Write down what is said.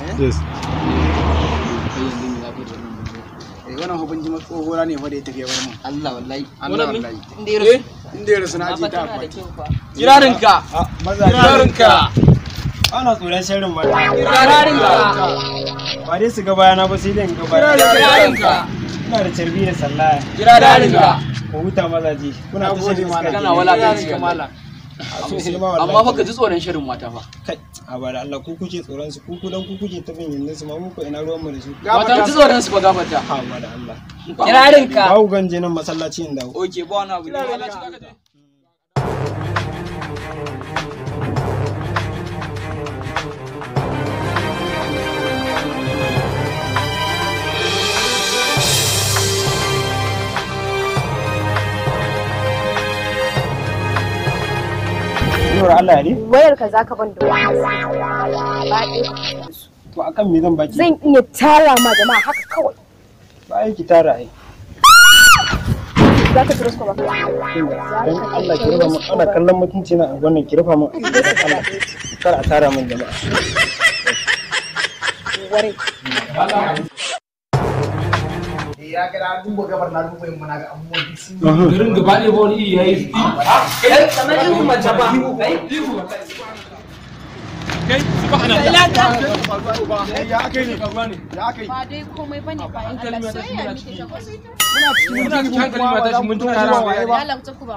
Eh? yes eh, wannan hukun jima ne fa da ya tafiya bar mun Allah wallahi Allah wallahi inda ya rasu eh? inda ya rasu na ji ta akwai kirarinka kirarinka ah, ana tsoron sharrin mata kirarinka ba dai su ga bayana ba sai dai in ga bayana ka. ina da carbi da sallaya ka. ko huta mazaji kuna ta shan iska kana wala ta ci kamala amma fa ka ji tsoron shirin mata fa kai a bada Allah ku kuke tsoron su ku kudan ku kuke ta bin yanzu ma muku ina ruwan mu da su mata ji tsoron su ba gabata a bada Allah kirarin ka ba ku ganje nan masallaci inda oke ba wani abu ne baiwar Allah ne? Wayar ka zaka ban da wani. To akan me zan baki? Zan iya tara ma jama'a haka kawai. ki tara ai. ba. Dan Allah ki rufa mun ana kallon mutunci na wannan ki rufa mun. Kar a tara jama'a. ya ga na duba gabar na duba yamma ga abubuwan garin gaba ba wani ya yi kai kamar ihu mace ba kai su ba ya ne ya ba dai komai bane ba in ta shi ta shi ya ba